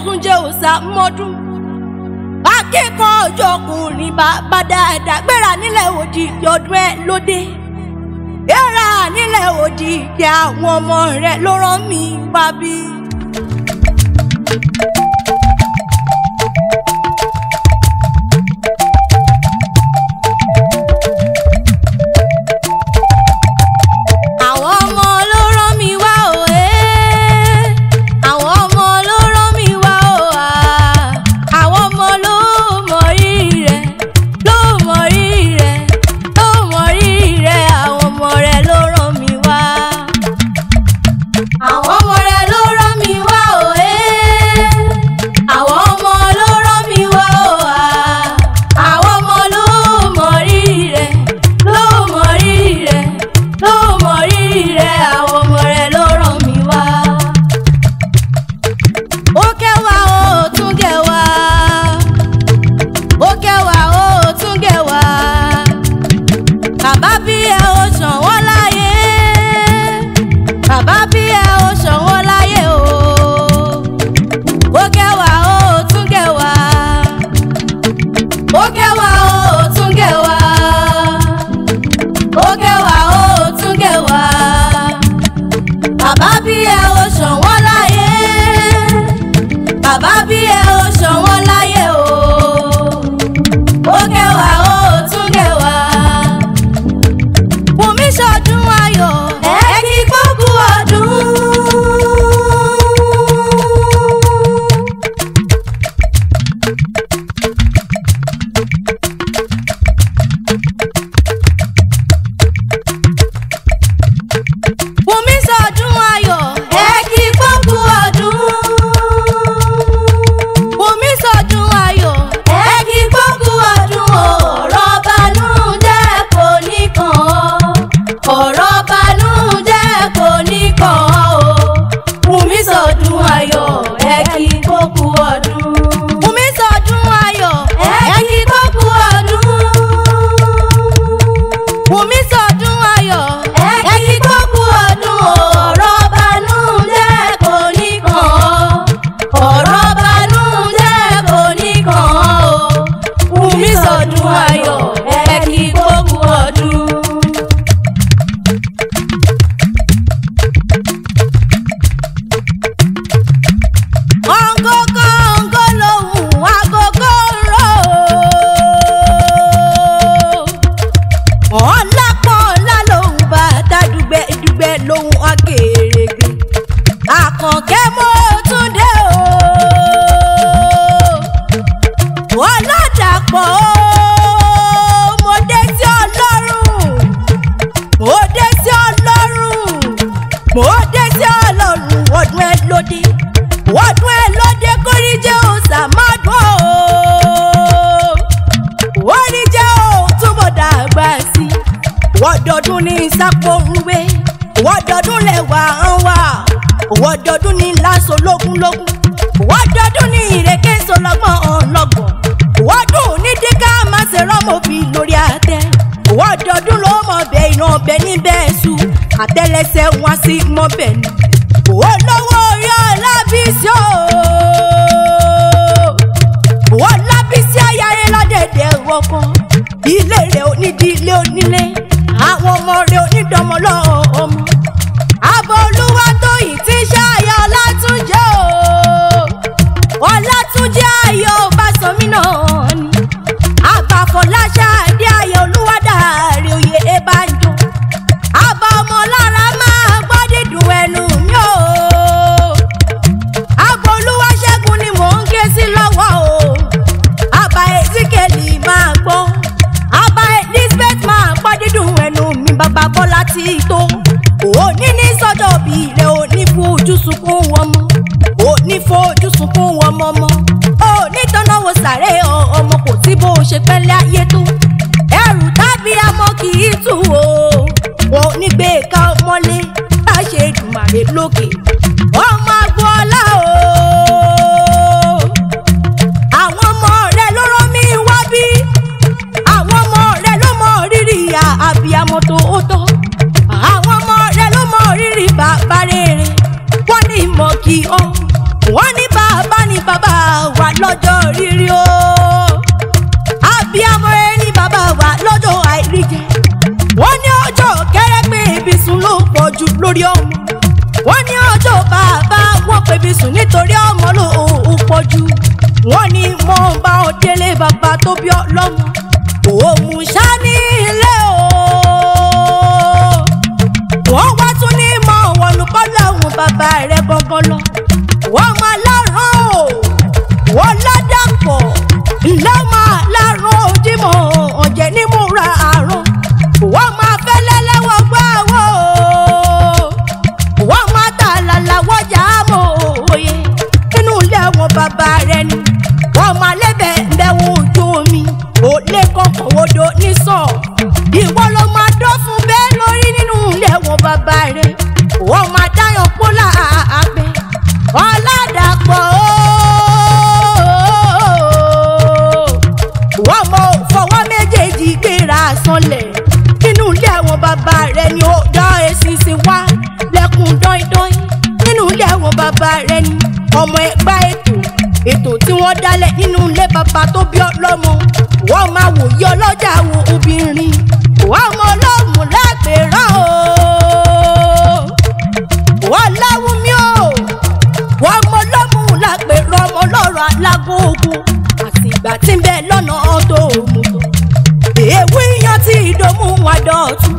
ogun jẹ́ òòṣà mọ́dún. akẹ́kọ̀ọ́ ojú ọkùnrin bàbá dáadáa gbéra nílẹ̀ òdì ọdún ẹ lóde. yẹ́ra nílẹ̀ òdì ìkẹ́ àwọn ọmọ rẹ̀ ló rán mi wá bíi. ó gẹ̀wà ó tún gẹ̀wà ó gẹ̀wà ó tún gẹ̀wà ó gẹ̀wà ó tún gẹ̀wà bàbá bí ẹ ó ṣàn wọ́n láyé bàbá bí ẹ ó o ó gẹ̀wà ó wọ́dún ẹ lóde kórí jẹ́ òòsà mọ́dún o. orí jẹ́ òun túbọ̀ dàgbà sí i. wọ́dọọdún ní sápò ń wé wọ́dọọdún lẹ́wà ń wà wọ́dọọdún ní láṣọ lógúnlógún wọ́dọọdún ní ìrèké sọlọ́gbọ́n ọlọ́gbọ̀n wọ́dún ní díkà máa ṣe rọ́mọ́bì lórí àtẹ wọ́dọọdún ló mọ̀ bẹ́ẹ̀ iná ọbẹ̀ níbẹ̀ sùn àtẹ́lẹsẹ̀ wá sí mọ́bẹ̀ ni òwò lówó orí Ọlábísí o òwò Ọlábísí ayáre lọ́dẹ̀dẹ̀ wọkọ̀ ilé rẹ̀ onídìílé onílé àwọn ọmọ rẹ̀ onídọ̀mọ́lọ́ ọmọ àbọ̀ olúwa tó yìí ti ṣáàyà Ọlátúnjí o Ọlátúnjí ayọ̀ Ọbásanmí náà. ti tó òní ní sọ́jọ́ bí ilẹ̀ òní fojú sunkún wọn mọ́ òní fojú sunkún wọn mọ́ mọ́ òní tọ́náwó sàré ọmọ kò sí bó ṣe pẹ́lẹ́ ayé tó ẹrù tábí amọ́ kì í tù o òní gbé ká ọmọlé bá ṣe dùmàrè lókè ọmọ jù lórí ọmọ wọ́n ní ọjọ́ bàbá wọn pè mí sùn nítorí ọmọ lòun pọ̀ jù wọ́n ní mo bá ọ délé bàbá tó bí ọlọ́mọ òun ṣá ilé o wọ́n wá tún ní mọ wọnú kọ́lá òun bàbá rẹ̀ gbọ́ngàn lọ wọ́n máa láràn o wọ́n lọ. dálẹ̀ nínú ilé bàbá tó bí ọlọ́mọ wọ́n máa wòye ọlọ́jà wo obìnrin wọ́n mọ ọlọ́mù lágbèrán o wọ́n láwùn mi o wọ́n mọ ọlọ́mù lágbèrán ọmọ ọlọ́rọ̀ alágò ogun àtìgbà tí ń bẹ lọ́nà tó mú èèwù yan ti ìdòmú wọn dọ̀tún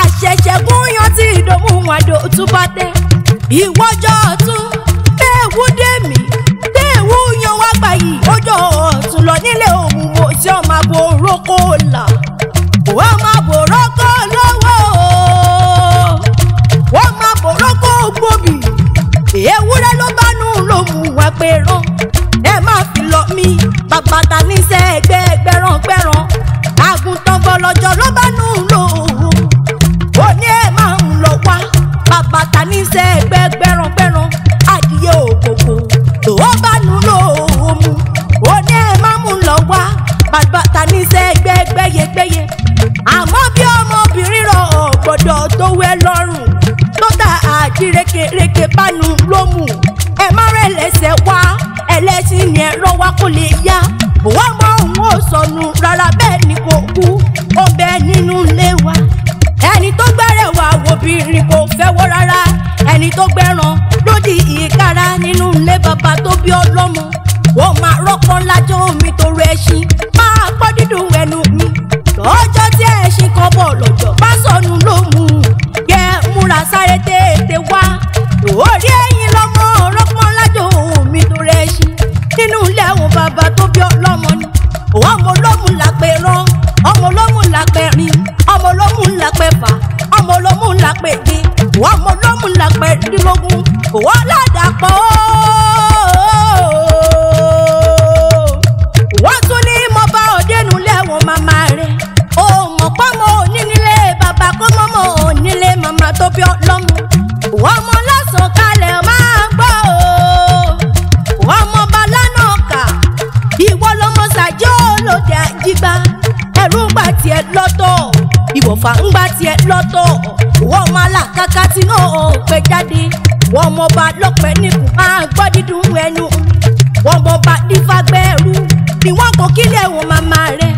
àṣẹ̀ṣẹ̀gún yan ti ìdòmú wọn dọ̀tún bá tẹ ìwọ kẹ́ni ẹ̀rọ wa kò lè yá òwò ọmọ òun ò sọnù rárá bẹ́ẹ̀ ni kò kú ó bẹ nínú ilé wa ẹni tó gbẹ́rẹ̀ wá obìnrin kò fẹ́ wọ́ rárá ẹni tó gbẹ́ràn lódì ìkara nínú ilé bàbá tó bí ọlọ́mọ wọ́n máa rọ́pọ̀ lájọ́ omi tó rẹ̀ ṣin máa gbọ́ dídùn ẹnu mi lọ́jọ́ tí ẹ̀ṣin kan bọ̀ lọ́jọ́ bá sọnù ló mú un yẹ múra sáré tètè wá òórí ẹ̀. mẹ́ẹ̀ẹ́dínlógún kò wọ́n láyé. ọmọọba lọ́pẹ́ nìkún máa gbọ́ dídùn ẹnu wọ́n bọba dífàgbẹ́rù ni wọ́n kò kílẹ̀ wọn màmá rẹ̀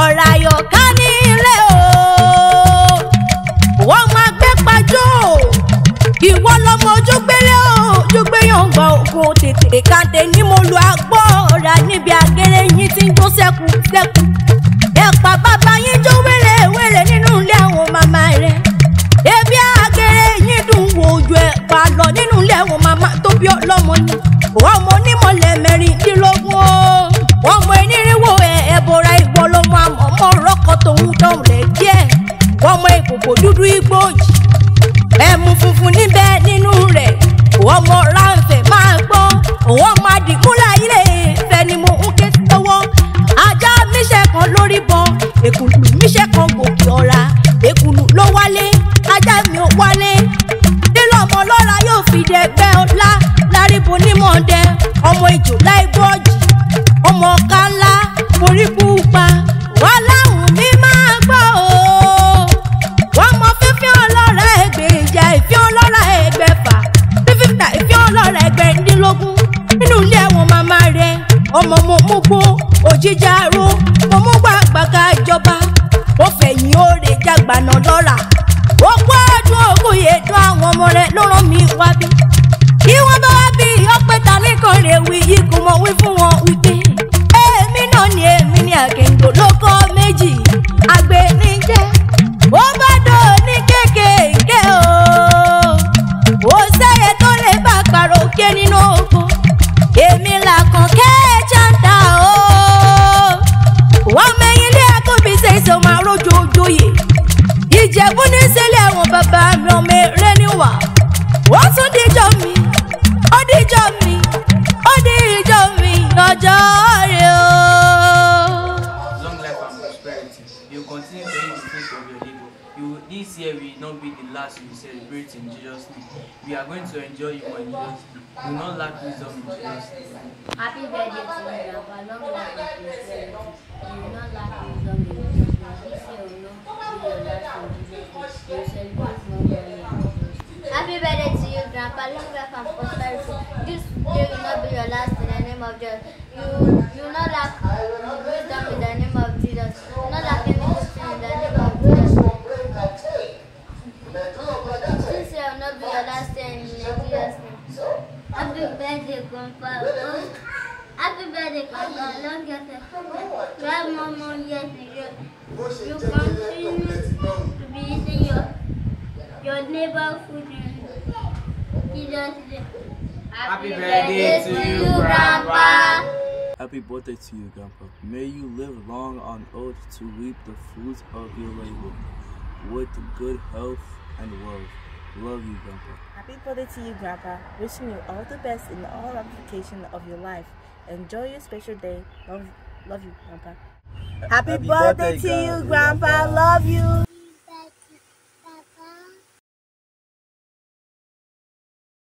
ọ̀rọ̀ àyọ̀ká ní ilé o wọ́n máa gbé pàjọ́ ìwọ lọmọ ojú gbélé o ojú gbéyàn gbọ́ ogun tètè kàdé ní mo lu agbọ́ ọ̀rá níbi àgẹ́rẹ́ yín tí ń jó sẹ́kù sẹ́kù jíjàrú mo mú gbàgbà kájọba ó fẹ̀yìn òòrè jàgbàna lọ́ra ó kó àdúrà ògùn ètò àwọn ọmọ rẹ ló rán mi wá bí. kí wọ́n bá wá bí ọpẹ́ ta ní kò lè wí mọ̀ wí fún wọn. ó díjọ́ mi ó díjọ́ long life and prosperity you continue to use the of your labour this year will not be the last you celebrate in Jesus we are going to enjoy you in Jesus name will not lack wisdom happy birthday to you and for long life. from prosperity. This day will not be your last in the name of Jesus. You, you will not lack wisdom in the name of Jesus. You will not lack any in the name of Jesus. This day will not be your last in Jesus' name. Happy birthday, Grandpa. Happy birthday, Grandpa. Long years to You have more, more years to go. You continue to be eating your, your neighborhood. Happy birthday to you, Grandpa. Happy birthday to you, Grandpa. May you live long on earth to reap the fruits of your labor with good health and wealth. Love you, Grandpa. Happy birthday to you, Grandpa. Wishing you all the best in all application of your life. Enjoy your special day. Love, love you, Grandpa. Happy, Happy birthday, birthday, to you, Grandpa. Grandpa. Love you.